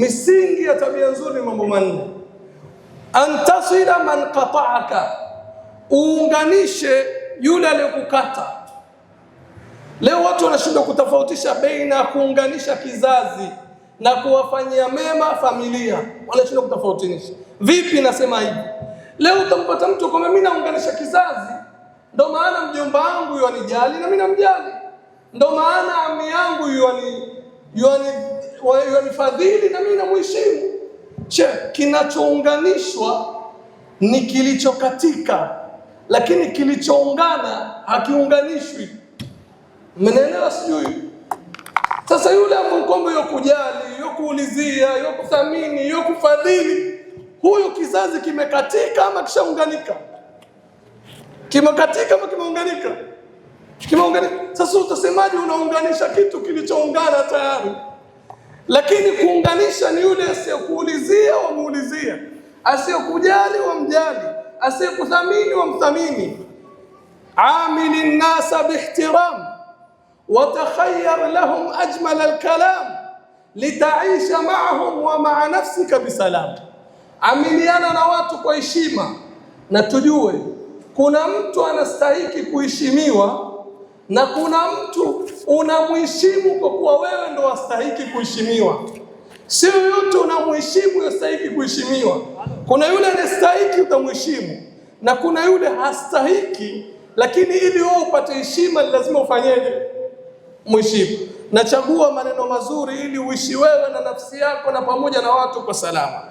Misingi ya tabia nzuri mambo manne: antasila man qataaka, uunganishe yule aliyokukata. Leo watu wanashindwa kutofautisha baina ya kuunganisha kizazi na kuwafanyia mema familia, wanashindwa kutofautisha. Vipi? Nasema hivi leo, utampata mtu kwamba mimi naunganisha kizazi, ndo maana mjomba wangu yuanijali na mimi namjali, ndo maana ami yangu yuani yuani wanifadhili na mimi namheshimu. Che, kinachounganishwa ni kilichokatika, lakini kilichoungana hakiunganishwi. Mnaelewa sijui? Sasa yule amkombe yo kujali, yo kuulizia, yo kuthamini, yo kufadhili, huyo kizazi kimekatika ama kishaunganika? Kimekatika ama kimeunganika? Kimeunganika. Sasa utasemaje unaunganisha kitu kilichoungana tayari? Lakini kuunganisha ni yule asiyekuulizia wamuulizia, asiyekujali wamjali, asiyekuthamini wamthamini. amili nnasa bihtiram watakhayyar lahum ajmal alkalam litaisha maahum wa maa nafsika bisalam, amiliana na watu kwa heshima, na tujue kuna mtu anastahiki kuheshimiwa na kuna mtu unamheshimu kwa kuwa wewe ndo wastahiki kuheshimiwa, sio yote unamheshimu yastahiki kuheshimiwa. Kuna yule anastahiki utamheshimu, na kuna yule hastahiki, lakini ili wewe upate heshima lazima ufanyeje? Mheshimu. Nachagua maneno mazuri ili uishi wewe na nafsi yako na pamoja na watu kwa salama.